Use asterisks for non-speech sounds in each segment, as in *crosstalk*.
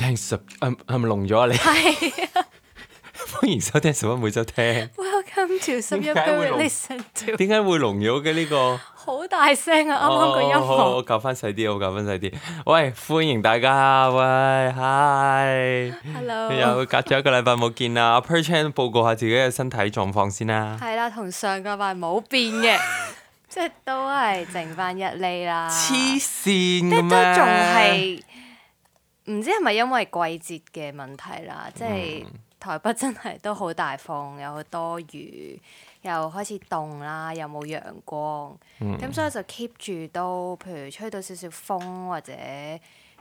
聽十，係咪係咪聾咗你？係啊，歡迎收聽拾壹每週聽。Welcome to 拾壹每週 listen to。點解會聾咗嘅呢個？好大聲啊！啱啱個音樂，我校翻細啲，我校翻細啲。喂，歡迎大家，喂，hi，hello。又隔咗一個禮拜冇見啦，Perchan 報告下自己嘅身體狀況先啦。係啦，同上個禮拜冇變嘅，即係都係剩翻一釐啦。黐線噶咩？唔知係咪因為季節嘅問題啦，即係台北真係都好大風，又好多雨，又開始凍啦，又冇陽光，咁、嗯、所以就 keep 住都，譬如吹到少少風或者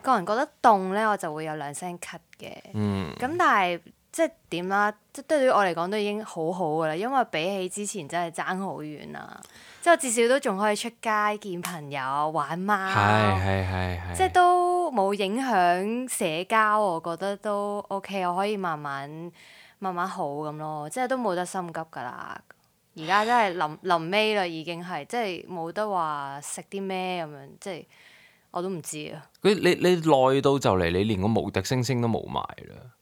個人覺得凍呢，我就會有兩聲咳嘅，咁、嗯、但係。即係點啦？即係對於我嚟講都已經好好噶啦，因為比起之前真係爭好遠啦。即係至少都仲可以出街見朋友玩貓，係係係，即係都冇影響社交。我覺得都 OK，我可以慢慢慢慢好咁咯。即係都冇得心急噶啦。而家真係臨 *laughs* 臨尾啦，已經係即係冇得話食啲咩咁樣，即係我都唔知啊。你你耐到就嚟，你連個無敵星星都冇埋啦～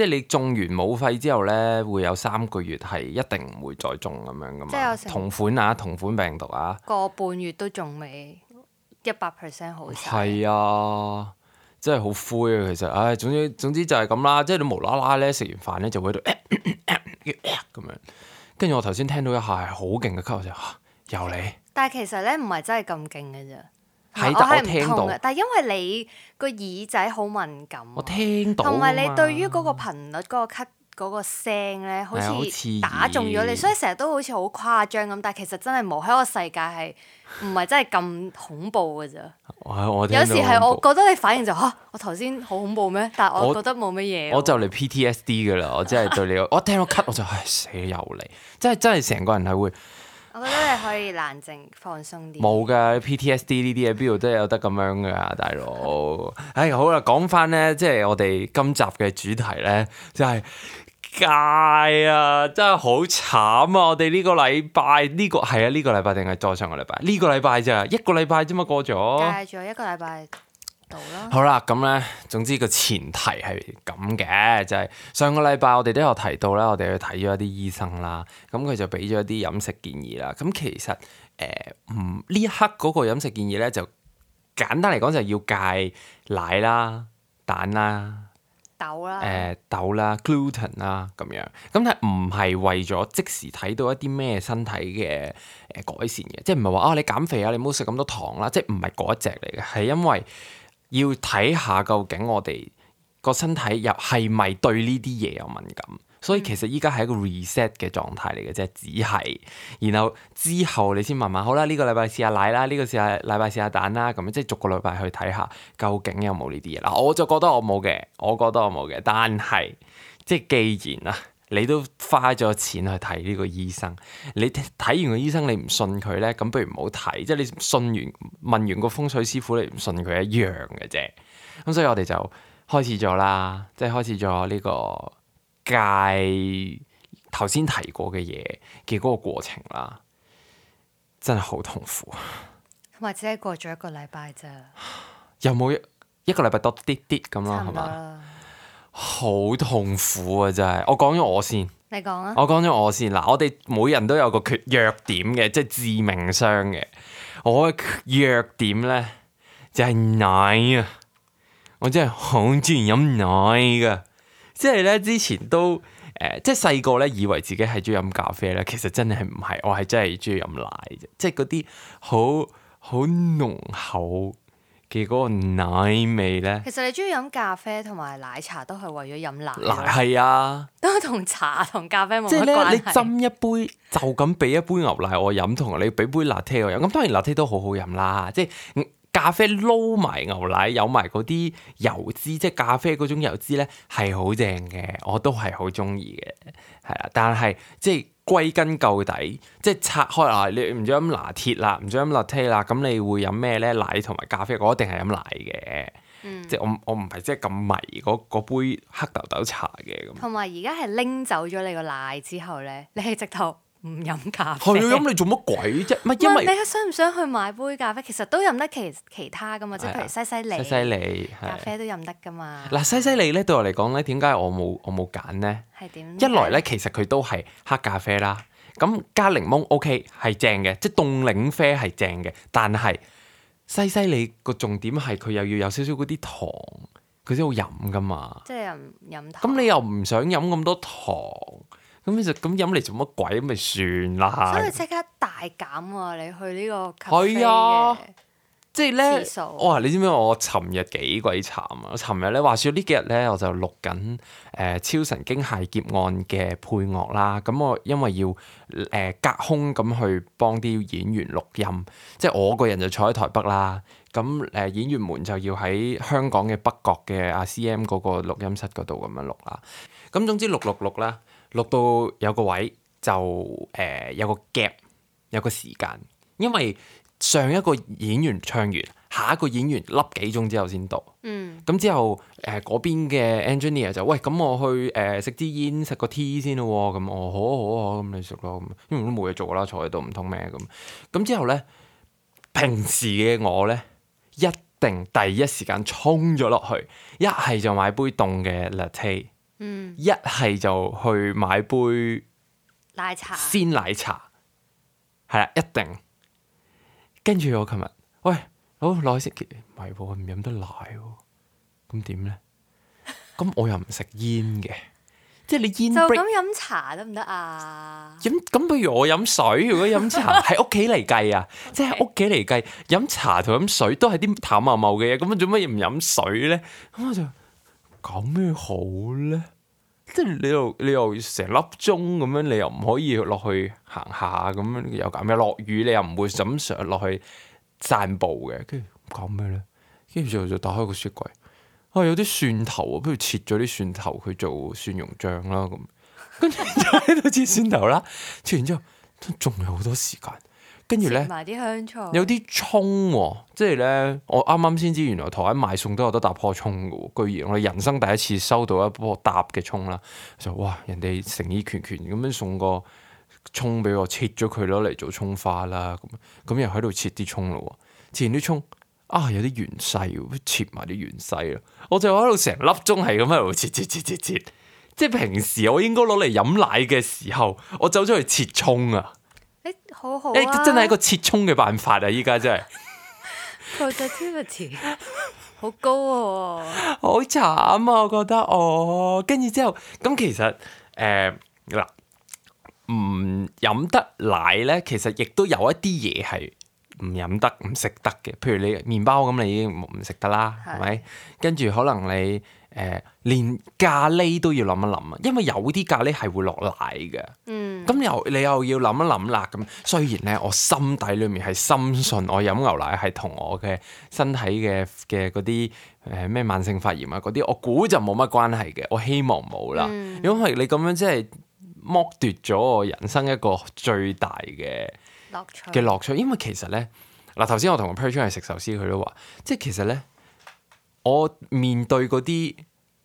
即係你中完冇肺之後咧，會有三個月係一定唔會再中咁樣噶嘛，同款啊，同款病毒啊，個半月都仲未一百 percent 好曬。係啊，真係好灰啊，其實，唉，總之總之就係咁啦，即係你無啦啦咧食完飯咧就會喺度咁樣，跟住我頭先聽到一下係好勁嘅吸，我就嚇又嚟。但係其實咧唔係真係咁勁嘅啫。我係唔聽嘅。但係因為你個耳仔好敏感，我聽到，同埋你、啊、你對於嗰個頻率、嗰、嗰個咳、嗰、嗰個聲咧，好似打中咗你，所以成日都好似好誇張咁。但係其實真係冇喺個世界係唔係真係咁恐怖嘅咋？我我 *laughs* 有時係我覺得你反應就嚇、係啊，我頭先好恐怖咩？但係我覺得冇乜嘢，我就嚟 PTSD 噶啦。我真係對你， *laughs* 我聽到咳我就係、哎、死又嚟，真係真係成個人係會。我覺得你可以冷靜放鬆啲。冇㗎，PTSD 呢啲嘢邊度都有得咁樣㗎、啊，大佬。唉、 *laughs* 哎，好啦，講翻呢，即係我哋今集嘅主題呢，就係、是、戒啊！真係好慘啊！我哋呢個禮拜呢、這個係啊，呢、這個禮拜定係再上個禮拜？呢、這個禮拜咋一個禮拜啫嘛，過咗戒咗一個禮拜。好啦，咁咧，總之個前提係咁嘅，就係、是、上個禮拜我哋都有提到啦，我哋去睇咗一啲醫生啦，咁佢就俾咗一啲飲食建議啦。咁其實誒唔呢一刻嗰個飲食建議咧，就簡單嚟講，就要戒奶啦、蛋啦、豆啦、誒、呃、豆啦、Gluten 啦咁樣。咁但係唔係為咗即時睇到一啲咩身體嘅誒改善嘅，即係唔係話啊你減肥啊，你唔好食咁多糖啦，即係唔係嗰一隻嚟嘅，係因為，要睇下究竟我哋個身體又係咪對呢啲嘢有敏感？所以其實依家係一個 reset 嘅狀態嚟嘅啫，只係然後之後你先慢慢好啦。呢個禮拜試下奶啦，呢個試下禮拜試下蛋啦，咁樣即係逐個禮拜去睇下究竟有冇呢啲嘢。嗱，我就覺得我冇嘅，我覺得我冇嘅，但係即係既然啊。你都花咗錢去睇呢個醫生，你睇完個醫生你唔信佢咧，咁不如唔好睇。即係你信完問完個風水師傅，你唔信佢一樣嘅啫。咁所以我哋就開始咗啦，即係開始咗呢個戒頭先提過嘅嘢嘅嗰個過程啦，真係好痛苦。或者係過咗一個禮拜啫，又有冇一個禮拜多啲啲咁咯，係嘛？好痛苦啊！真係，我講咗我先，你講啊，我講咗我先嗱。我哋每人都有個缺弱點嘅，即係致命傷嘅。我嘅弱點咧就係、是、奶啊！我真係好中意飲奶噶、啊，即係咧之前都誒、呃，即係細個咧以為自己係中意飲咖啡咧，其實真係唔係，我係真係中意飲奶啫，即係嗰啲好好濃厚。嘅嗰個奶味咧，其實你中意飲咖啡同埋奶茶都係為咗飲奶，係啊，都同茶同咖啡冇乜關係。斟一杯就咁俾一杯牛奶我飲，同你俾杯 latte 我飲。咁當然 latte 都好好飲啦，即係咖啡撈埋牛奶有埋嗰啲油脂，即係咖啡嗰種油脂咧係好正嘅，我都係好中意嘅，係啦。但係即係。即係歸根究底，即係拆開啊！你唔準飲拿鐵啦，唔準飲 latte 啦，咁你會飲咩咧？奶同埋咖啡，我一定係飲奶嘅，嗯、即係我我唔係即係咁迷嗰杯黑豆豆茶嘅咁。同埋而家係拎走咗你個奶之後咧，你係直頭。唔飲咖啡係啊，飲你做乜鬼啫？唔係因為你想唔想去買杯咖啡，其實都飲得其其他噶嘛，即係譬如西西利、西西利咖啡都飲得噶嘛。嗱，西西利咧對我嚟講咧，點解我冇我冇揀咧？係點？一來咧，其實佢都係黑咖啡啦，咁加檸檬 OK 係正嘅，即係凍檸啡係正嘅。但係西西利個重點係佢又要有少少嗰啲糖，佢先好飲噶嘛。即係飲飲糖。咁你又唔想飲咁多糖？咁你就咁飲嚟做乜鬼？咁咪算啦吓！所以即刻大減啊！你去呢個咖啡嘅，即係咧。我話你知唔知我尋日幾鬼慘啊？尋日咧，話說呢幾日咧，我就錄緊誒超神經械劫案嘅配樂啦。咁我因為要誒隔空咁去幫啲演員錄音，即係我個人就坐喺台北啦。咁誒演員們就要喺香港嘅北角嘅阿 CM 嗰個錄音室嗰度咁樣錄啦。咁總之錄錄錄啦。錄到有個位就誒、呃、有個 gap 有個時間，因為上一個演員唱完，下一個演員粒幾鐘之後先到。嗯，咁之後誒嗰、呃、邊嘅 engineer 就喂，咁我去誒食支煙食個 tea 先咯，咁、哦、我好、啊、好、啊、好咁、啊、你食咯，咁因為都冇嘢做啦，坐喺度唔通咩咁？咁之後咧，平時嘅我咧一定第一時間衝咗落去，一係就買杯凍嘅 latte。一係就去買杯奶茶，鮮奶茶係啦，一定。跟住我琴日，喂，好奶先，唔係唔飲得奶，咁點咧？咁我又唔食煙嘅，即係你煙就咁飲茶得唔得啊？飲咁不如我飲水。如果飲茶喺屋企嚟計啊，即係屋企嚟計，飲茶同飲水都係啲淡茂茂嘅嘢，咁做咩唔飲水咧？咁我就。講咩好咧？即係你又你又成粒鐘咁樣，你又唔可以落去行下咁樣，又咁，又落雨你又唔會咁想落去散步嘅。跟住講咩咧？跟住就就打開個雪櫃，啊有啲蒜頭啊，不如切咗啲蒜頭去做蒜蓉醬啦咁。跟住就喺度切蒜頭啦，切完之後仲有好多時間。跟住咧，呢有啲葱，即係咧，我啱啱先知，原來台灣賣餸都有得搭破葱嘅喎，居然我人生第一次收到一樖搭嘅葱啦，就哇，人哋盛意拳拳咁樣送個葱俾我，切咗佢攞嚟做葱花啦，啊，咁咁又喺度切啲葱咯，切完啲葱啊，啊，有啲芫茜，啊，切埋啲芫茜啦，我就喺度成粒鐘係咁喺度切切切切切，即係平時我應該攞嚟飲奶嘅時候，我走咗去切葱啊！誒、欸，好好誒、啊，欸、真係一個切冲嘅辦法啊，依家真係。 *laughs* *laughs* 好高哦、啊。好慘啊，我覺得哦。跟住之後，咁其實誒嗱，唔飲得奶咧，其實亦、呃、都有一啲嘢係唔飲得、唔食得嘅。譬如你麵包咁，你已經唔食得啦，係咪是？跟住可能你。誒、呃、連咖喱都要諗一諗啊，因為有啲咖喱係會落奶嘅。咁、嗯、又你又要諗一諗啦。咁雖然咧，我心底裏面係深信我飲牛奶係同我嘅身體嘅嘅嗰啲誒咩慢性發炎啊嗰啲，我估就冇乜關係嘅。我希望冇啦，嗯、因為你咁樣即係剝奪咗我人生一個最大嘅樂趣嘅樂趣。因為其實咧，嗱頭先我同個 Per Chan 去食壽司，佢都話，即係其實咧。我面對嗰啲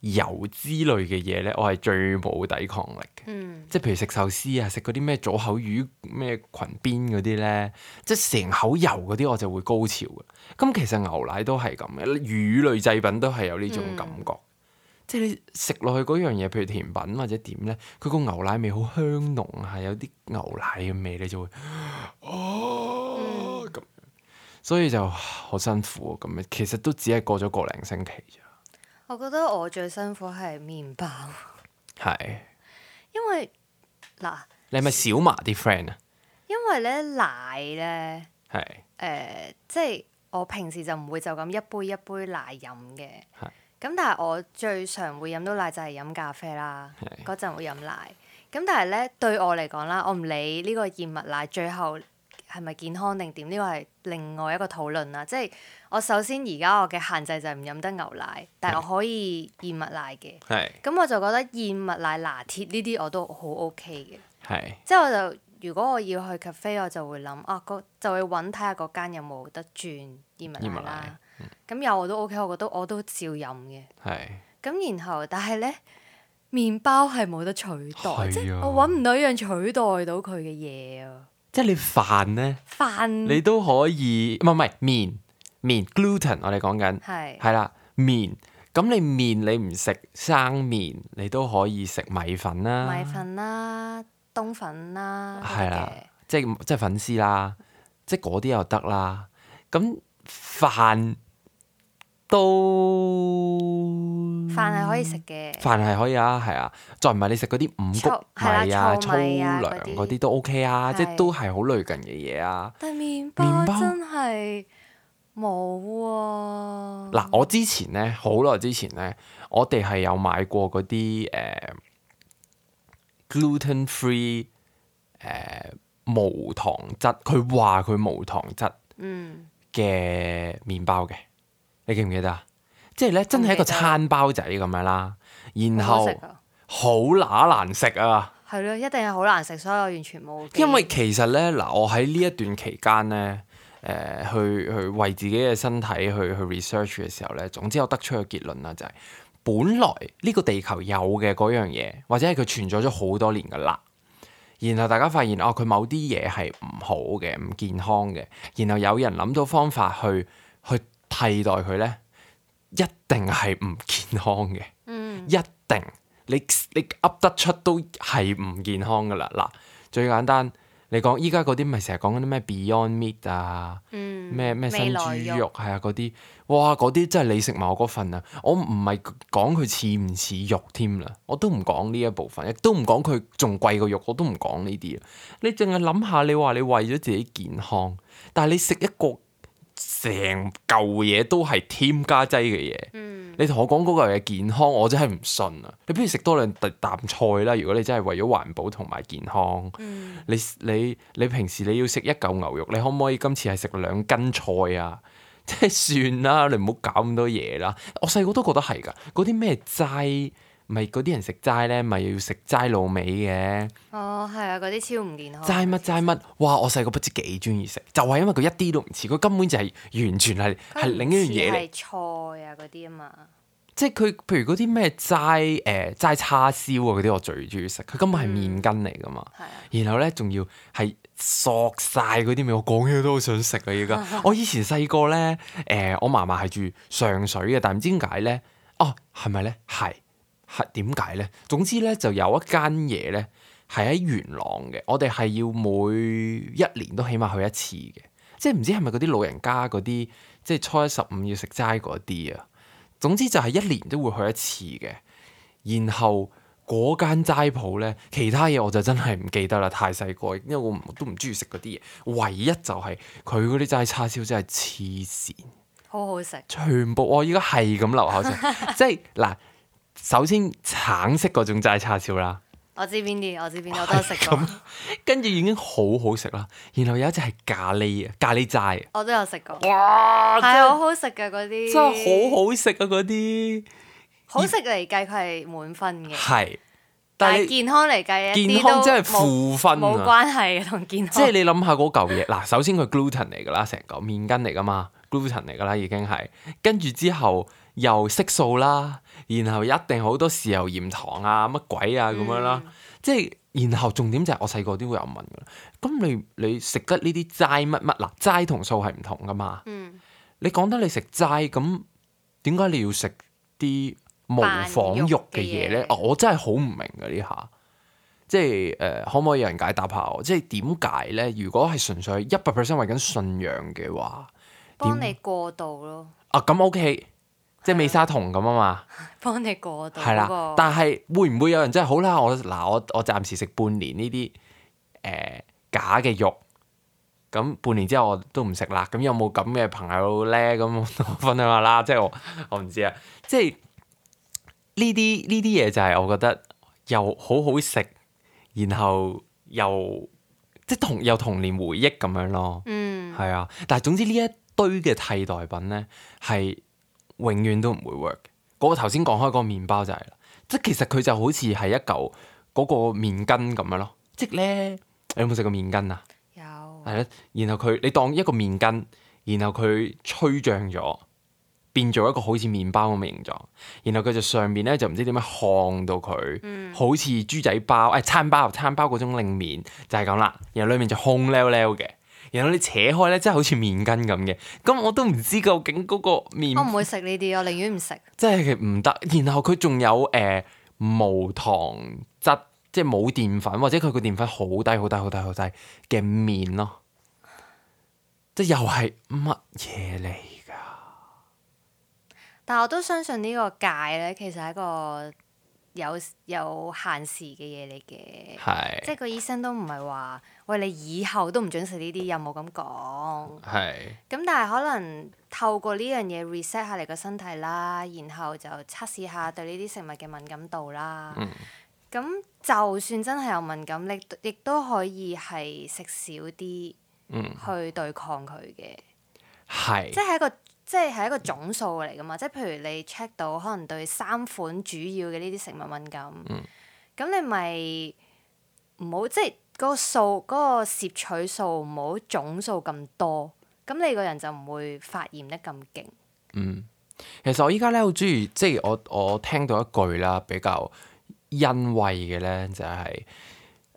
油脂類嘅嘢咧，我係最冇抵抗力嘅。嗯、即係譬如食壽司啊，食嗰啲咩左口魚咩裙邊嗰啲咧，即係成口油嗰啲我就會高潮嘅。咁其實牛奶都係咁嘅，魚類製品都係有呢種感覺。嗯、即係你食落去嗰樣嘢，譬如甜品或者點咧，佢個牛奶味好香濃，係有啲牛奶嘅味你就會。哦、嗯。所以就好辛苦咁樣，其實都只係過咗個零星期咋。我覺得我最辛苦係麵包，係是因為嗱，你係咪小馬啲 friend 啊？因為咧，奶咧係誒，即係我平時就唔會就咁一杯一杯奶飲嘅，係咁是但係我最常會飲到奶就係、是、飲咖啡啦，嗰陣是會飲奶，咁但係咧對我嚟講啦，我唔理呢個燕麥奶最後。係咪健康定點？呢個係另外一個討論啦、啊。即係我首先而家我嘅限制就係唔飲得牛奶，是但我可以燕麥奶嘅。係是。咁我就覺得燕麥奶拿鐵呢啲我都好 OK 嘅。係是。即係我就如果我要去 cafe，我就會諗啊，個就會揾睇下嗰間有冇得轉燕麥奶啦。咁有我都 OK，我覺得我都照飲嘅。係是。咁然後，但係咧，麵包係冇得取代，啊、即係我揾唔到一樣取代到佢嘅嘢啊。即係你飯呢，飯你都可以，唔係唔係麵麵 gluten，我哋講緊係係啦麵，咁是你麵你唔食生麵，你都可以食米粉啦，米粉啦，冬粉啦，係啦，即係即係粉絲啦，即係嗰啲又得啦，咁飯。都飯係可以食嘅，飯係可以啊，係啊的，再唔係你食嗰啲五穀米啊、糙米啊，粗糧嗰啲都 OK 啊，的即係都係好類近嘅嘢啊。但麵包，麵包真係冇啊！嗱，我之前咧，好耐之前咧，我哋係有買過嗰啲誒 gluten free 誒、uh, 無糖質，佢話佢無糖質嗯，嗯嘅麵包嘅。你記唔記得啊？即係咧，真係一個餐包仔咁樣啦，然後好乸難食啊！係咯，一定係好難食，所以我完全冇。因為其實咧，嗱，我喺呢一段期間咧，誒、呃，去去為自己嘅身體去去 research 嘅時候咧，總之我得出個結論啦，就是，就係本來呢個地球有嘅嗰樣嘢，或者係佢存在咗好多年噶啦。然後大家發現哦，佢某啲嘢係唔好嘅，唔健康嘅。然後有人諗到方法去去。替代佢咧，一定係唔健康嘅。嗯，一定你你噏得出都係唔健康噶啦。嗱，最簡單你講依家嗰啲咪成日講緊咩 Beyond Meat 啊，咩咩、嗯、新豬肉係啊嗰啲，哇嗰啲真係你食埋我嗰份啊！我唔係講佢似唔似肉添啦，我都唔講呢一部分，亦都唔講佢仲貴過肉貴，我都唔講呢啲。你淨係諗下，你話你為咗自己健康，但係你食一個。成嚿嘢都係添加劑嘅嘢，mm. 你同我講嗰嚿嘢健康，我真係唔信啊！你不如食多兩啖菜啦。如果你真係為咗環保同埋健康，mm. 你你你平時你要食一嚿牛肉，你可唔可以今次係食兩斤菜啊？即 *laughs* 係算啦，你唔好搞咁多嘢啦。我細個都覺得係噶，嗰啲咩劑。咪嗰啲人食齋咧，咪要食齋鹵味嘅。哦，係啊，嗰啲超唔健康。齋乜齋乜？哇！我細個不知幾鍾意食，就係因為佢一啲都唔似，佢根本就係完全係係另一樣嘢嚟。係菜啊嗰啲啊嘛。即係佢譬如嗰啲咩齋誒齋叉燒啊嗰啲，我最鍾意食。佢根本係麵筋嚟噶嘛。然後咧仲要係嗦晒嗰啲味，我講起都好想食啊！而家我以前細個咧誒，我嫲嫲係住上水嘅，但唔知點解咧？哦，係咪咧？係。係點解呢？總之呢，就有一間嘢呢係喺元朗嘅。我哋係要每一年都起碼去一次嘅，即係唔知係咪嗰啲老人家嗰啲，即係初一十五要食齋嗰啲啊。總之就係一年都會去一次嘅。然後嗰間齋鋪呢，其他嘢我就真係唔記得啦，太細個，因為我都唔中意食嗰啲嘢。唯一就係佢嗰啲齋叉燒真係黐線，好好食，全部我依家係咁流口水， *laughs* 即係嗱。首先橙色嗰種齋叉燒啦，我知邊啲，我知邊，我都有食過。跟住 *laughs* 已經好好食啦，然後有一隻係咖喱咖喱齋，我都有食過。哇，係是是好好食嘅嗰啲，真係好好食嘅嗰啲，好食嚟計佢係滿分嘅，係，但係健康嚟計，健康真係負分，冇關係同健康，即想想。即係你諗下嗰嚿嘢，嗱，首先佢 gluten 嚟噶啦，成個麵筋嚟噶嘛，gluten 嚟噶啦已經係，跟住之後又色素啦。然後一定好多豉油、鹽糖啊，乜鬼啊咁，嗯、樣啦，即係然後重點就係我細個都會有人問，咁你你食得呢啲齋乜乜嗱，齋同素係唔同噶嘛？嗯、你講得你食齋，咁點解你要食啲模仿肉嘅嘢咧？我真係好唔明㗎呢下，即係誒、呃，可唔可以有人解答下我？即係點解咧？如果係純粹一百 percent 為緊信仰嘅話，幫你過渡咯。樣啊，咁 OK。即係美沙酮咁啊嘛，幫你過渡。係啦，但係會唔會有人真係好啦？我嗱我我暫時食半年呢啲誒假嘅肉，咁半年之後我都唔食啦。咁有冇咁嘅朋友咧？咁分享下啦。即係我我唔知啊。即係呢啲呢啲嘢就係我覺得又好好食，然後又即係同又童年回憶咁樣咯。嗯，係啊。但係總之呢一堆嘅替代品咧係。永遠都唔會 work 嗰個頭先講開嗰個麵包就係啦，即係其實佢就好似係一嚿嗰個麵筋咁樣咯，即係呢咧，你有冇食過麵筋啊？有。係啦，然後佢你當一個麵筋，然後佢吹脹咗，變做一個好似麵包咁嘅形狀，然後佢就上面咧就唔知點樣烘到佢，嗯、好似豬仔包誒、哎、餐包餐包嗰種令面就係咁啦，然後裏面就空溜溜嘅。然後你扯開咧，真係好似麵筋咁嘅，咁我都唔知究竟嗰個麵我唔會食呢啲，我寧願唔食，即係唔得。然後佢仲有誒、呃、無糖質，即係冇澱粉，或者佢個澱粉好低、好低、好低、好低嘅麵咯，即又係乜嘢嚟㗎？但係我都相信個呢個戒咧，其實係一個。有有限時嘅嘢嚟嘅，是即係個醫生都唔係話，喂，你以後都唔准食呢啲，有冇咁講？係是。咁但係可能透過呢樣嘢 reset 下你個身體啦，然後就測試下對呢啲食物嘅敏感度啦。咁、嗯、就算真係有敏感力，你亦都可以係食少啲，去對抗佢嘅。係、嗯。即係一個。即係係一個總數嚟噶嘛，即係譬如你 check 到可能對三款主要嘅呢啲食物敏感，咁、嗯、你咪唔好即係嗰個數嗰、嗰個攝取數唔好總數咁多，咁你個人就唔會發炎得咁勁。嗯，其實我依家咧好中意，即係我我聽到一句啦，比較欣慰嘅咧就係、係、誒、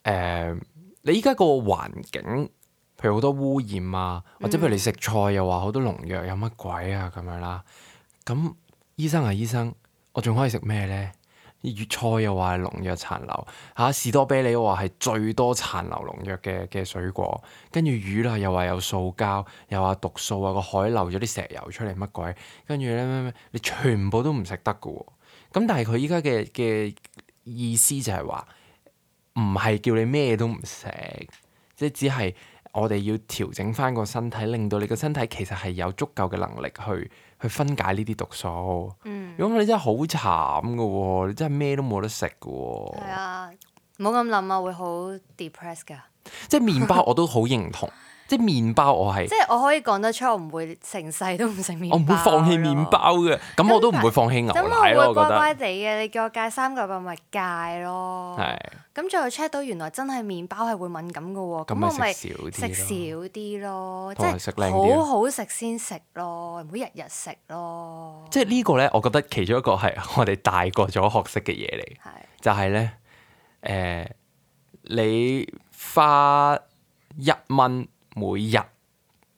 呃、你依家個環境。譬如好多污染啊，或者譬如你食菜又話好多農藥有乜鬼啊，咁樣啦？咁醫生啊醫生，我仲可以食咩咧？粵菜又話係農藥殘留，吓、啊，士多啤梨話係最多殘留農藥嘅嘅水果，跟住魚啦又話有塑膠又話毒素啊，個海漏咗啲石油出嚟乜鬼？跟住咧咩咩，你全部都唔食得嘅喎、啊。咁但係佢依家嘅嘅意思就係話唔係叫你咩都唔食，即係只係。我哋要調整翻個身體，令到你個身體其實係有足夠嘅能力去去分解呢啲毒素。嗯，如果你真係好慘嘅、哦，你真係咩都冇得食嘅、哦。係啊，哎，冇咁諗啊，會好 depressed 噶。即係麵包我都好認同。 *laughs* *laughs* 即係麵包我，我係即係我可以講得出，我唔會成世都唔食麵包。我唔會放棄麵包嘅，咁我都唔會放棄牛奶咯。咁我會乖乖地嘅，你叫我戒三個月咪戒咯。係是。咁最後 check 到原來真係麵包係會敏感嘅喎，咁我咪食少啲咯，即係好好食先食咯，唔會日日食咯。天天咯，即係呢個咧，我覺得其中一個係我哋大個咗學識嘅嘢嚟，是就係咧，誒、呃，你花一蚊。每日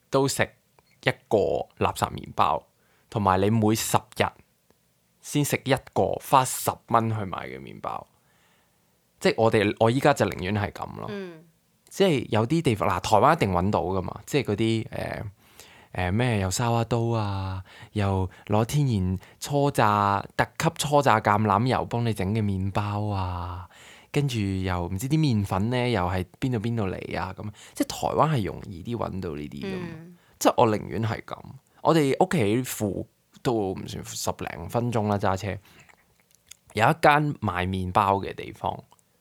都食一個垃圾麵包，同埋你每十日先食一個花十蚊去買嘅麵包，即係我哋我依家就寧願係咁咯。嗯、即係有啲地方嗱、啊，台灣一定揾到㗎嘛，即係嗰啲誒誒咩又沙瓦刀啊，又攞天然初榨、特級初榨橄欖油幫你整嘅麵包啊～跟住又唔知啲麵粉咧，又係邊度邊度嚟啊？咁即係台灣係容易啲揾到呢啲噶嘛？即係我寧願係咁，我哋屋企附都唔算十零分鐘啦，揸車有一間賣麵包嘅地方，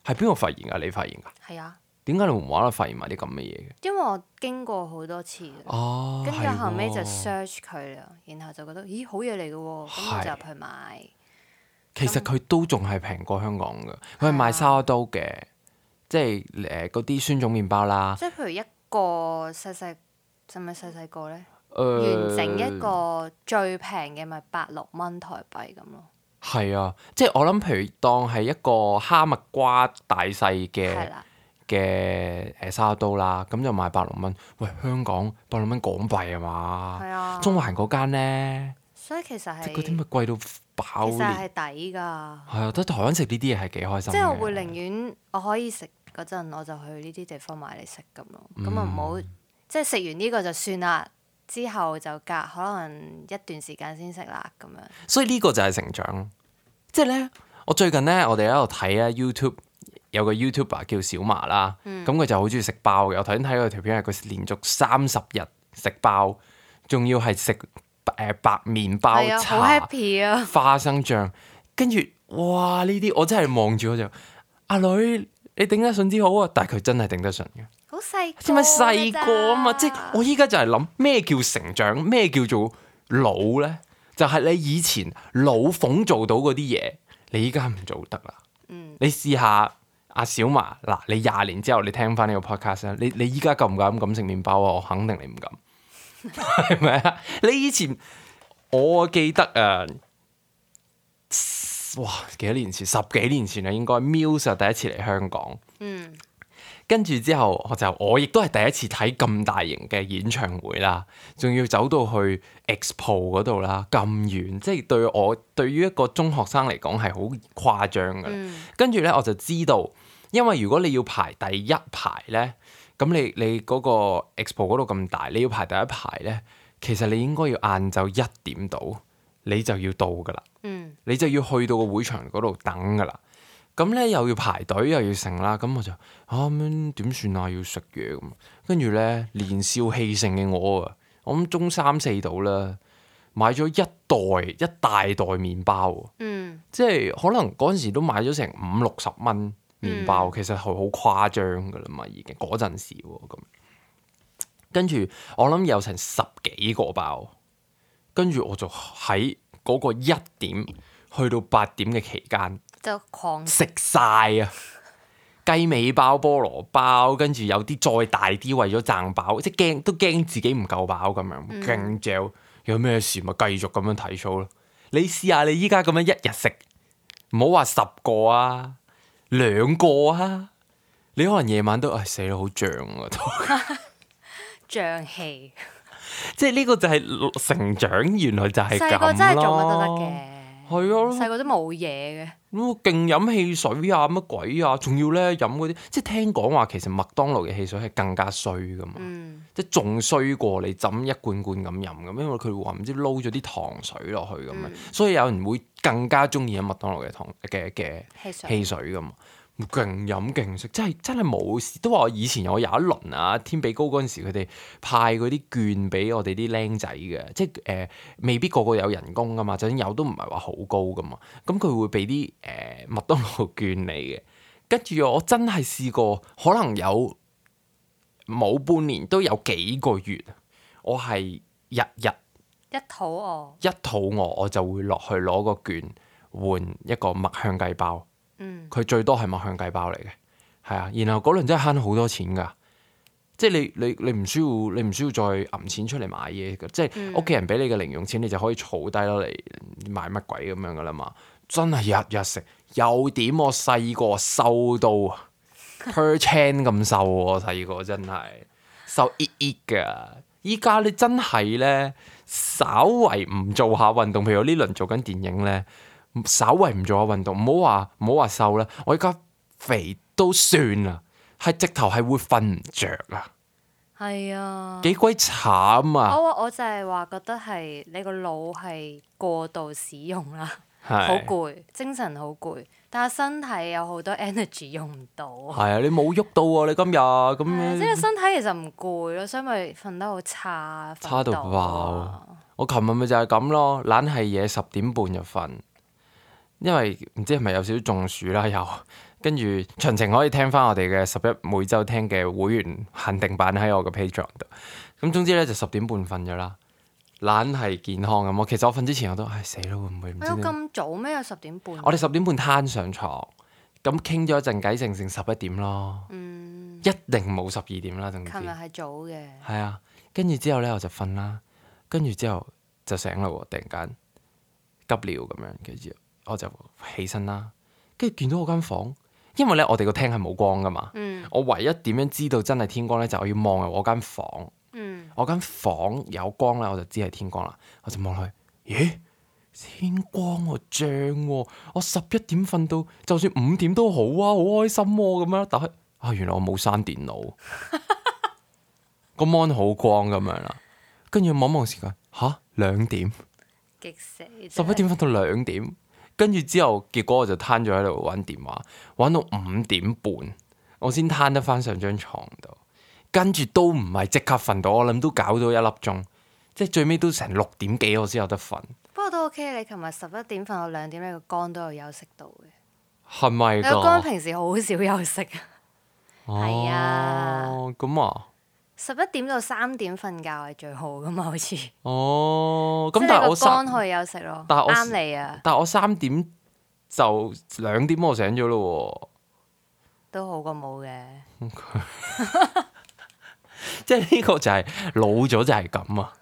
係邊個發現噶？你發現噶？係啊。點解你無啦啦發現埋啲咁嘅嘢嘅？因為我經過好多次，跟住、啊、後尾就 search 佢啦，然後就覺得咦好嘢嚟嘅喎，咁我就入去買。其實佢都仲係平過香港嘅，佢係賣沙拉刀嘅，啊、即係誒嗰啲酸種麵包啦。即係譬如一個細細，就咪細細個咧？呃、完整一個最平嘅咪八六蚊台幣咁咯。係啊，即係我諗，譬如當係一個哈密瓜大細嘅嘅誒沙拉刀啦，咁就賣八六蚊。喂，香港八六蚊港幣啊嘛。係啊。中環嗰間咧。所以其實係。即係啲咪貴到。其實係抵㗎，係啊！覺得台灣食呢啲嘢係幾開心嘅，即係我會寧願我可以食嗰陣，我就去呢啲地方買嚟食咁咯，咁唔好即係食完呢個就算啦，之後就隔可能一段時間先食喇咁樣。所以呢個就係成長，即係咧，我最近咧，我哋喺度睇啊 YouTube 有個 YouTuber 叫小麻啦、嗯，咁佢就好中意食包嘅。我頭先睇嗰條片係佢連續三十日食包，仲要係食。白麵包、的茶、啊、花生醬，跟住哇，呢啲我真係望住我就，阿女你頂得順之好啊，但係佢真係頂得順嘅。好細，係細個啊嘛，即係我依家就係諗咩叫成長，咩叫做老呢？就係、是、你以前老鳳做到嗰啲嘢，你依家唔做得啦、嗯。你試下阿小馬嗱，你廿年之後你聽翻呢個 Podcast 你你依家敢唔敢咁食麵包啊？我肯定你唔敢。係咪啊？ *laughs* 你以前我記得啊、呃，哇，幾多年前，十幾年前啊，應該 Muse 第一次嚟香港，嗯，跟住之後我就我亦都係第一次睇咁大型嘅演唱會啦，仲要走到去 Expo 嗰度啦，咁遠，即係對我對於一個中學生嚟講係好誇張㗎，跟住咧我就知道，因為如果你要排第一排咧。咁你你嗰個 Expo 嗰度咁大，你要排第一排咧，其實你應該要晏晝一點到，你就要到㗎喇，嗯、你就要去到個會場嗰度等㗎喇。咁咧又要排隊又要成啦，咁我就啊，咁點算啊？要食嘢咁，跟住咧年少氣盛嘅我啊，我諗中三四度啦，買咗一袋一大袋麵包，嗯、即係可能嗰陣時都買咗成五六十蚊。麵包其實係好誇張噶啦嘛，已經嗰陣時咁，跟住我諗有成十幾個包，跟住我就喺嗰個一點去到八點嘅期間，就狂食晒啊！雞光 *laughs* 尾包、菠蘿包，跟住有啲再大啲，為咗賺飽，即係驚都驚自己唔夠飽咁樣，驚嚼有咩事咪繼續咁樣體操咯。你試下你依家咁樣一日食，唔好話十個啊！兩個啊！你可能夜晚都唉、哎、死得好脹啊，都 *laughs* 脹 *laughs* 脹氣。即係呢個就係成長，原來就係咁咯。係啊，細個都冇嘢嘅，咁勁飲汽水啊，乜鬼啊？仲要咧飲嗰啲，即係聽講話其實麥當勞嘅汽水係更加衰噶嘛，嗯、即係仲衰過你浸一罐罐咁飲咁，因為佢話唔知撈咗啲糖水落去咁啊，嗯、所以有人會更加鍾意飲麥當勞嘅糖嘅嘅汽水噶嘛。勁飲勁食，真係真係冇事。都話我以前有有一輪啊，天比高嗰陣時，佢哋派嗰啲券俾我哋啲僆仔嘅，即係誒、呃、未必個個有人工㗎嘛，就算有都唔係話好高㗎嘛。咁佢會俾啲誒麥當勞券你嘅，跟住我真係試過，可能有冇半年都有幾個月，我係日日一肚餓，一肚餓我就會落去攞個券換一個麥香雞包。佢最多係麥香雞包嚟嘅，係啊，然後嗰輪真係慳好多錢噶，即係你你你唔需要，你唔需要再揞錢出嚟買嘢嘅，嗯、即係屋企人俾你嘅零用錢，你就可以儲低咯嚟買乜鬼咁樣噶啦嘛，真係日日食又點？我細個瘦到 Per Chan 咁瘦，我細個真係瘦 it it 噶，依家你真係咧，稍微唔做下運動，譬如我呢輪做緊電影咧。稍為唔做下運動，唔好話唔好話瘦啦，我而家肥都算啦，係直頭係會瞓唔着啊，係啊，幾鬼慘啊！我我就係話覺得係你個腦係過度使用啦，好攰是，精神好攰，但係身體有好多 energy 用唔到，係啊，你冇喐到啊，你今日咁樣，即係身體其實唔攰咯，所以咪瞓得好差，啊，瞓到啊，差到爆！我琴日咪就係咁咯，懶係嘢，十點半就瞓。因為唔知係咪有少少中暑啦，又跟住，全情可以聽翻我哋嘅十一每週聽嘅會員限定版喺我個 page 度。咁總之咧就十點半瞓咗啦，懶係健康咁。我其實我瞓之前我都唉死啦，會唔會？你有咁早咩？十點半，啊？我哋十點半攤上床咁傾咗一陣偈，成成十一點咯，嗯、一定冇十二點啦。總之琴日係早嘅，係啊，跟住之後咧我就瞓啦，跟住之後就醒啦，突然間急尿咁樣，跟住，我就起身啦，跟住見到我間房，因為咧我哋個廳係冇光噶嘛。嗯、我唯一點樣知道真係天光咧，就是、我要望我、嗯、我間房。我間房有光咧，我就知係天光啦。我就望落去，咦？天光啊，正喎、啊！我十一點瞓到，就算五點都好啊，好開心喎咁樣。但係啊，原來我冇閂電腦，個 mon 好光咁樣啦。跟住望望時間，吓，兩點，激死！十一點瞓到兩點。 *laughs* 跟住之後，結果我就攤咗喺度玩電話，玩到五點半，我先攤得翻上張床度。跟住都唔係即刻瞓到，我諗都搞咗一粒鐘，即係最尾都成六點幾我先有得瞓。不過都 OK，你琴日十一點瞓到兩點，你個肝都有休息到嘅。係咪？個肝平時好少休息啊。係啊，咁啊。十一點到三點瞓覺係最好㗎嘛？好似哦，咁、oh，但係我肝可以去休息咯，啱你啊！但係我三點就兩點我醒咗咯喎，都好過冇嘅。即係呢個就係、是、老咗就係咁啊！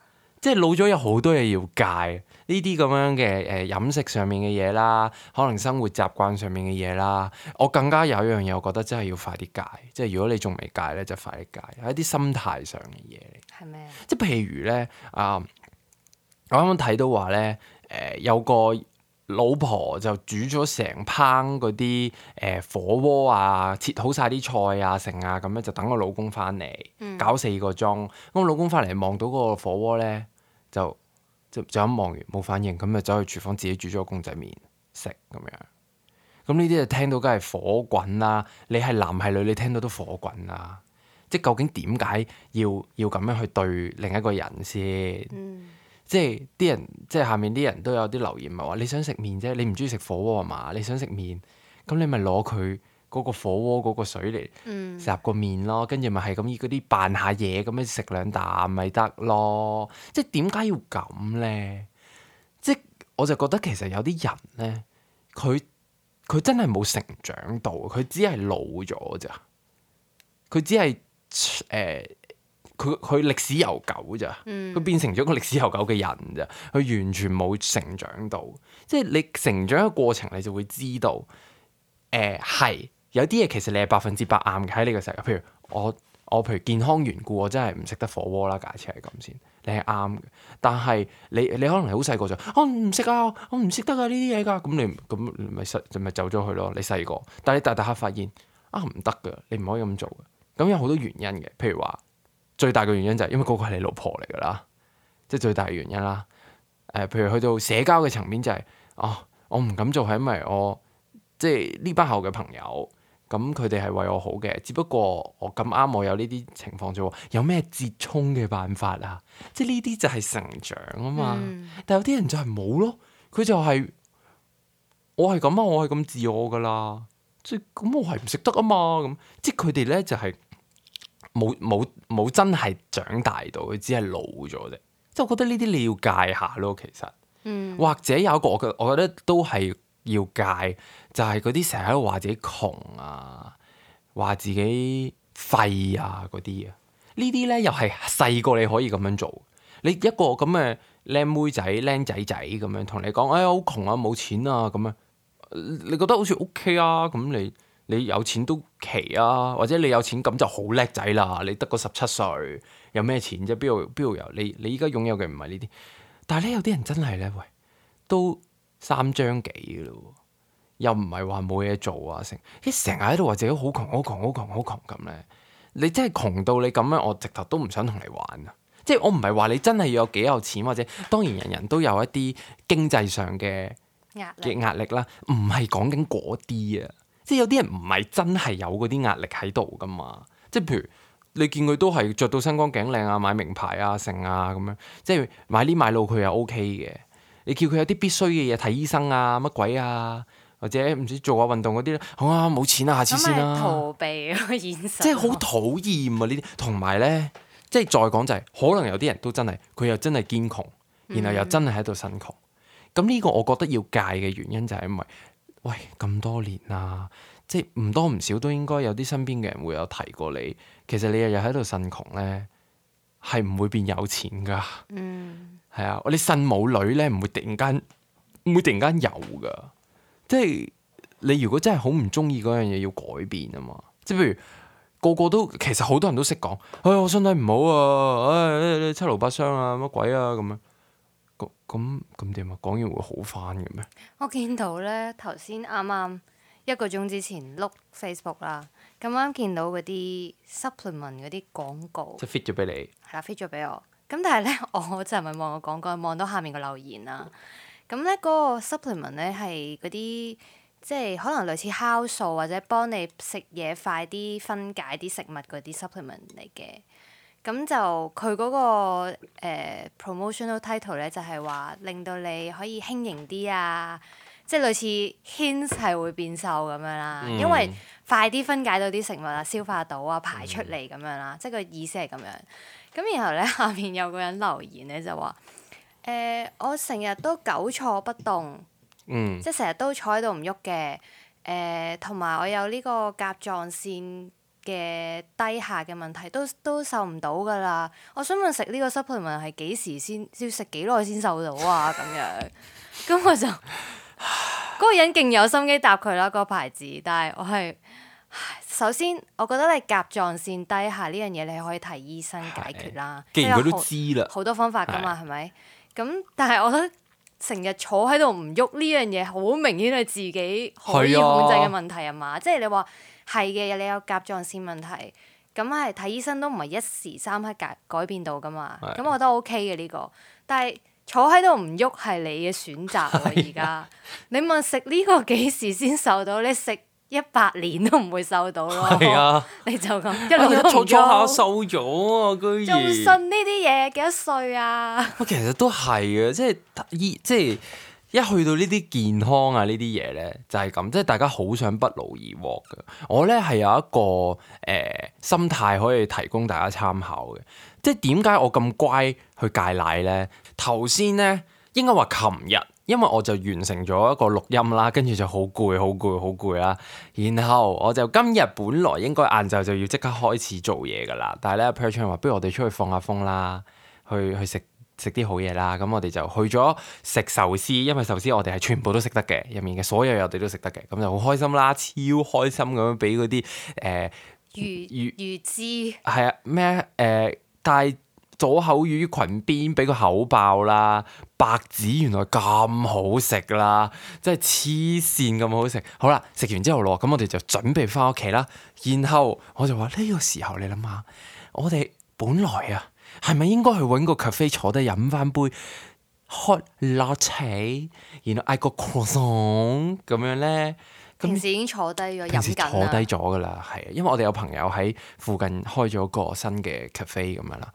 即係老咗有好多嘢要戒。呢啲咁樣嘅誒飲食上面嘅嘢啦，可能生活習慣上面嘅嘢啦，我更加有一樣嘢，我覺得真係要快啲戒。即係如果你仲未戒咧，就快啲戒。係一啲心態上嘅嘢嚟。係咩嗎？即係譬如咧啊，我啱啱睇到話咧，誒、呃、有個老婆就煮咗成烹嗰啲誒火鍋啊，切好晒啲菜啊，成啊咁樣就等個老公翻嚟，搞四個鐘。咁、嗯、我老公翻嚟望到嗰個火鍋咧就～就就咁望完冇反應，咁就，就走去廚房自己煮咗個公仔麪食咁樣。咁呢啲就聽到梗係火滾啦、啊！你係男係女？你聽到都火滾啦、啊！即究竟點解要要咁樣去對另一個人先？嗯、即係啲人即係下面啲人都有啲留言，咪、就、話、是、你想食麵啫？你唔中意食火鍋係嘛？你想食麵咁你咪攞佢。嗰個火鍋嗰、嗰個水嚟，入個麵咯，跟住咪係咁嗰啲扮下嘢咁樣食兩啖咪得咯。即係點解要咁咧？即係我就覺得其實有啲人咧，佢佢真係冇成長到，佢只係老咗咋。佢只係誒，佢、呃、佢歷史悠久咋，佢、嗯、變成咗個歷史悠久嘅人咋，佢完全冇成長到。即係你成長嘅過程，你就會知道，誒、呃、係。有啲嘢其實你係百分之百啱嘅，喺呢個世界，譬如我我譬如健康緣故，我真係唔食得火鍋啦。假設係咁先，你係啱嘅。但係你你可能係好細個就，我唔食啊，我唔食得啊，呢啲嘢噶。咁你咁咪實就咪走咗去咯？你細個，但係你大大下發現啊唔得嘅，你唔可以咁做嘅。咁有好多原因嘅，譬如話最大嘅原因就係因為嗰個係你老婆嚟噶啦，即係最大嘅原因啦。誒，譬如去到社交嘅層面，就係，就係哦，我唔敢做係因為我即係呢班後嘅朋友。咁佢哋係為我好嘅，只不過我咁啱我有呢啲情況啫，有咩折衷嘅辦法啊？即係呢啲就係成長啊嘛。嗯、但係有啲人就係冇咯，佢就係我係咁啊，我係咁自我噶啦。即係咁我係唔食得啊嘛。咁即係佢哋咧就係冇冇冇真係長大到，佢只係老咗啫。即係我覺得呢啲你要戒下咯，其實。嗯、或者有一個我覺我覺得都係要戒。就係嗰啲成日喺度話自己窮啊，話自己廢啊嗰啲啊，呢啲咧又係細個你可以咁樣做。你一個咁嘅靚妹仔，靚仔仔咁樣同你講，哎呀好窮啊，冇錢啊咁樣，你覺得好似 OK 啊？咁你你有錢都奇啊，或者你有錢咁就好叻仔啦。你得個十七歲，有咩錢啫？邊度邊度有？你你依家擁有嘅唔係呢啲，但係咧有啲人真係咧，喂，都三張幾嘅咯。又唔係話冇嘢做啊，成一成日喺度話自己好窮，好窮，好窮，好窮咁咧。你真係窮到你咁樣，我直頭都唔想同你玩啊！即係我唔係話你真係要有幾有錢，或者當然人人都有一啲經濟上嘅嘅壓力啦，唔係講緊嗰啲啊。即係有啲人唔係真係有嗰啲壓力喺度㗎嘛。即係譬如你見佢都係着到身光頸靚啊，買名牌啊，成啊咁樣。即係買呢買路佢又 OK 嘅。你叫佢有啲必須嘅嘢，睇醫生啊，乜鬼啊？或者唔知做下運動嗰啲咧，好啊，冇錢啊，下次先啦。逃避現實，即係好討厭啊！呢啲同埋咧，即係再講就係、是，可能有啲人都真係佢又真係堅窮，然後又真係喺度呻窮。咁呢、嗯、個我覺得要戒嘅原因就係因為，喂咁多年啦、啊，即係唔多唔少都應該有啲身邊嘅人會有提過你。其實你日日喺度呻窮咧，係唔會變有錢噶。嗯，係啊，你呻冇女咧，唔會突然間唔會突然間有噶。即係你如果真係好唔中意嗰樣嘢，要改變啊嘛！即係譬如個個都其實好多人都識講，哎我身體唔好啊，唉、哎，你七勞八傷啊，乜鬼啊咁樣，咁咁點啊？講完會好翻嘅咩？我見到咧頭先啱啱一個鐘之前碌 Facebook 啦，咁啱見到嗰啲 supplement 嗰啲廣告，即係 fit 咗俾你係啦，fit 咗俾我。咁但係咧，我就唔係望個廣告，望到下面個留言啦。咁咧嗰個 supplement 咧係嗰啲，即係可能類似酵素或者幫你食嘢快啲分解啲食物嗰啲 supplement 嚟嘅。咁就佢嗰、嗰個、呃、promotional title 咧就係、係、話令到你可以輕盈啲啊，即係類似 hints 係會變瘦咁樣啦，嗯、因為快啲分解到啲食物啊，消化到啊，排出嚟咁樣啦，嗯、即係個意思係咁樣。咁然後咧下面有個人留言咧就話。誒、呃，我成日都久坐不動，嗯，即係成日都坐喺度唔喐嘅。誒、呃，同埋我有呢個甲狀腺嘅低下嘅問題，都都受唔到噶啦。我想問食呢個 supplement 係幾時先？要食幾耐先受到啊？咁樣，咁 *laughs* 我就嗰個人勁有心機答佢啦。個牌子，但係我係唉，首先，我覺得你甲狀腺低下呢樣嘢，你可以睇醫生解決啦。既然佢都知啦，好多方法噶嘛，係咪？咁但係我覺得成日坐喺度唔喐呢樣嘢，好明顯係自己可以控制嘅問題啊嘛是、啊？即係你話係嘅，你有甲狀腺問題，咁係睇醫生都唔係一時三刻改改變到噶嘛？咁是、啊、我覺得 O K 嘅呢個，但係坐喺度唔喐係你嘅選擇。而家是啊、你問食呢個幾時先受到？你食。一百年都唔會瘦到咯，係啊、你就咁一年都唔瘦，哎、下瘦咗啊！居然就信呢啲嘢？幾多歲啊？我其實都係嘅，即係依即係一去到呢啲健康啊呢啲嘢咧，就係、是、咁，即係大家好想不勞而獲嘅。我咧係有一個誒、呃、心態可以提供大家參考嘅，即係點解我咁乖去戒奶咧？頭先咧應該話琴日。因為我就完成咗一個錄音啦，跟住就好攰，好攰，好攰啦。然後我就今日本來應該晏晝就要即刻開始做嘢㗎啦，但係咧，Perchan 話不如我哋出去放下風啦，去去食食啲好嘢啦。咁我哋就去咗食壽司，因為壽司我哋係全部都食得嘅，入面嘅所有嘢我哋都食得嘅，咁就好開心啦，超開心咁樣俾嗰啲誒魚魚魚知係啊咩誒帶。左口魚裙邊俾個口爆啦，白紙原來咁好食啦，真係黐線咁好食。好啦，食完之後咯，咁我哋就準備翻屋企啦。然後我就話呢、這個時候你諗下，我哋本來啊，係咪應該去搵個 cafe 坐低飲翻杯 hot latte，然後嗌個 croissant 咁樣咧？樣平時已經坐低咗，平時坐低咗噶啦，係、啊，因為我哋有朋友喺附近開咗個新嘅 cafe 咁樣啦。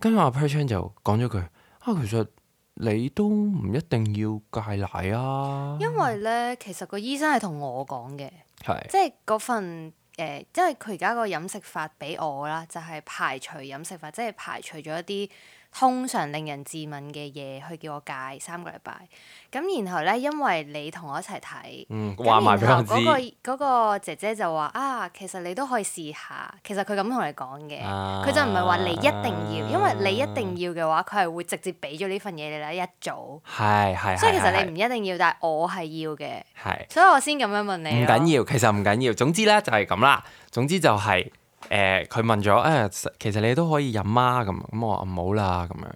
跟住阿 Perchan 就講咗句啊，其實你都唔一定要戒奶啊，因為咧其實個醫生係同我講嘅是、呃，即係嗰份誒，即係佢而家個飲食法俾我啦，就係、是、排除飲食法，即係排除咗一啲，通常令人致敏嘅嘢，佢叫我戒三個禮拜。咁然後呢，因為你同我一齊睇，嗯，話埋俾人知。嗰、嗰個姐姐就話啊，啊，其實你都可以試下。其實佢咁同你講嘅，佢、啊、就唔係話你一定要，因為你一定要嘅話，佢係會直接俾咗呢份嘢你啦一早。係係。所以其實你唔一定要，但係我係要嘅。係是。所以我先咁樣問你。唔緊要，其實唔緊要。總之呢，就係咁啦。總之就係。誒，佢、欸、問咗誒、欸，其實你都可以飲啊，咁、嗯、咁我話唔好啦，咁樣，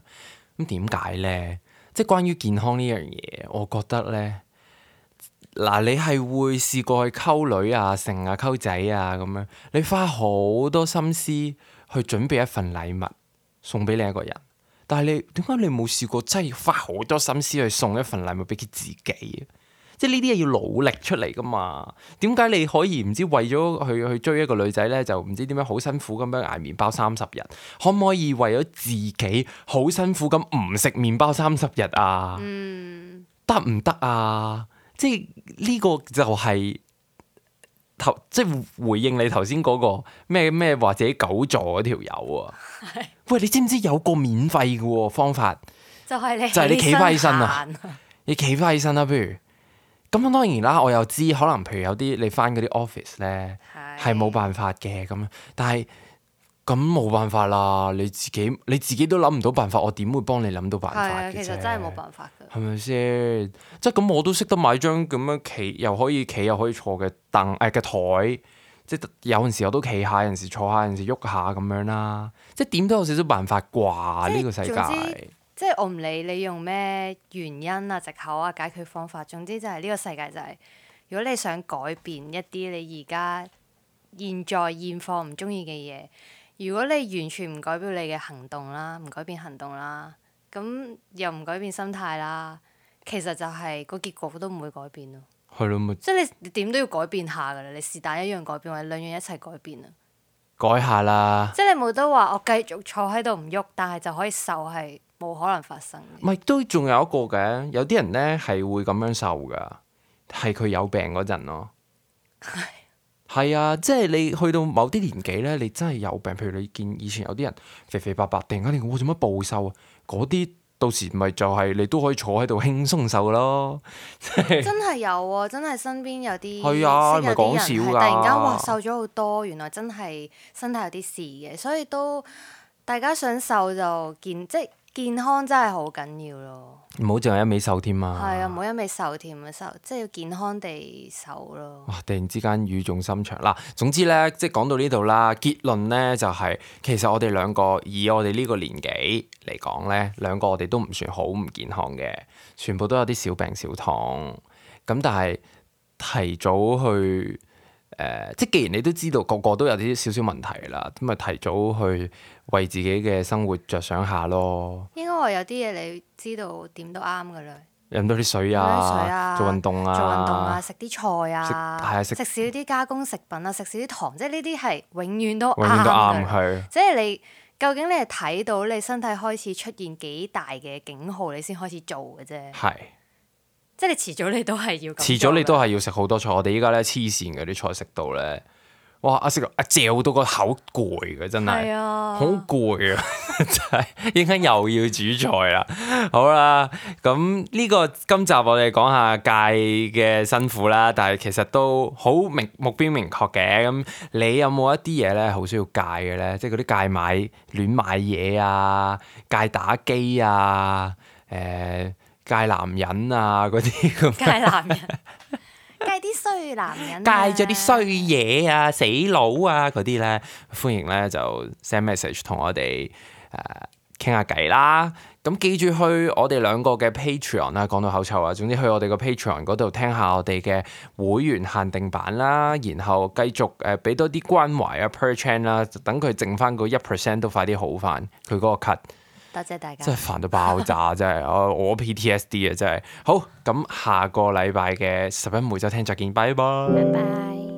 咁點解咧？即係關於健康呢樣嘢，我覺得咧，嗱，你係會試過去溝女啊、成啊、溝仔啊咁樣，你花好多心思去準備一份禮物送俾你一個人，但係你點解你冇試過真係花好多心思去送一份禮物俾自己？即係呢啲嘢要努力出嚟㗎嘛。點解你可以唔知為咗去去追一個女仔咧，就唔知點樣好辛苦咁樣捱麵包三十日？可唔可以為咗自己好辛苦咁唔食麵包三十日啊？嗯，得唔得啊？即係呢個就係、是、頭即係回應你頭先嗰個咩咩或者久坐嗰條友啊。係喂，你知唔知有個免費嘅方法？就係你就係你企返起身啊！啊你企返起身啦、啊，譬如～咁當然啦，我又知可能譬如有啲你返嗰啲 office 咧，係冇是辦法嘅咁。但係咁冇辦法啦，你自己你自己都諗唔到辦法，我點會幫你諗到辦法？其實真係冇辦法㗎，係咪先？即係咁我都識得買張咁樣企又可以企又可以坐嘅凳誒嘅枱，即係有陣時我都企下，有陣時坐下，有陣時喐下咁樣啦。即係點都有少少辦法啩？呢個世界。即係我唔理你用咩原因啊、藉口啊、解決方法，總之就係呢個世界就係、是，如果你想改變一啲你而家現在現況唔中意嘅嘢，如果你完全唔改變你嘅行動啦，唔改變行動啦，咁又唔改變心態啦，其實就係個結果，都唔會改變咯。係咯即係你，你點都要改變下㗎啦！你是但一樣改變，或者兩樣一齊改變啊？改下啦。即係你冇得話，我繼續坐喺度唔喐，但係就可以受係。冇可能發生。唔係都仲有一個嘅，有啲人咧係會咁樣瘦噶，係佢有病嗰陣咯。係 *laughs* 啊，即係你去到某啲年紀咧，你真係有病。譬如你見以前有啲人肥肥白白，突然間你我做乜暴瘦啊？嗰啲到時咪就係你都可以坐喺度輕鬆瘦咯。 *laughs* 真係有啊！真係身邊有啲係啊，唔係講笑㗎。突然間哇，瘦咗好多，原來真係身體有啲事嘅，所以都大家想瘦就見即係。健康真係好緊要咯，唔好淨係一味瘦添啊！係啊，唔好一味瘦添啊，瘦即係要健康地瘦咯。哇！突然之間語重心長啦，總之咧，即係講到呢度啦，結論咧就係、是、其實我哋兩個以我哋呢個年紀嚟講咧，兩個我哋都唔算好唔健康嘅，全部都有啲小病小痛。咁但係提早去誒、呃，即係既然你都知道個個都有啲少少問題啦，咁咪提早去。為自己嘅生活着想下咯，應該話有啲嘢你知道都點都啱㗎喇。飲多啲水啊，水啊，做運動啊，食啲、啊、菜啊，食、啊、少啲加工食品啊，食少啲糖，即係呢啲係永遠都啱都啱是即係你究竟你係睇到你身體開始出現幾大嘅警號，你先開始做嘅啫。係是。即係你遲早你都係要，遲早你都係要食好多菜。我哋依家咧黐線嘅啲菜食到咧。哇！阿食哥阿嚼到個口攰嘅，真係，係啊！好攰啊！真係，依家又要煮菜啦。好啦，咁呢個今集我哋講下戒嘅辛苦啦。但係其實都好明目標明確嘅。咁你有冇一啲嘢咧，好需要戒嘅咧？即係嗰啲戒買亂買嘢啊，戒打機啊，誒，戒男人啊嗰啲咁。戒男人。戒啲衰男人，戒咗啲衰嘢啊，死佬啊嗰啲咧，歡迎咧就 send message 同我哋誒傾下偈啦。咁、嗯、記住去我哋兩個嘅 patreon 啦，講到口臭啊，總之去我哋個 patreon 嗰度聽下我哋嘅會員限定版啦，然後繼續誒俾、呃、多啲關懷啊 perchan 啦，等佢剩翻嗰一 percent 都快啲好翻佢嗰個 cut。多謝大家，真係煩到爆炸， *laughs* 真係。我 PTSD 啊，真係。好，咁下個禮拜嘅拾壹每週聽再見，拜拜。Bye bye。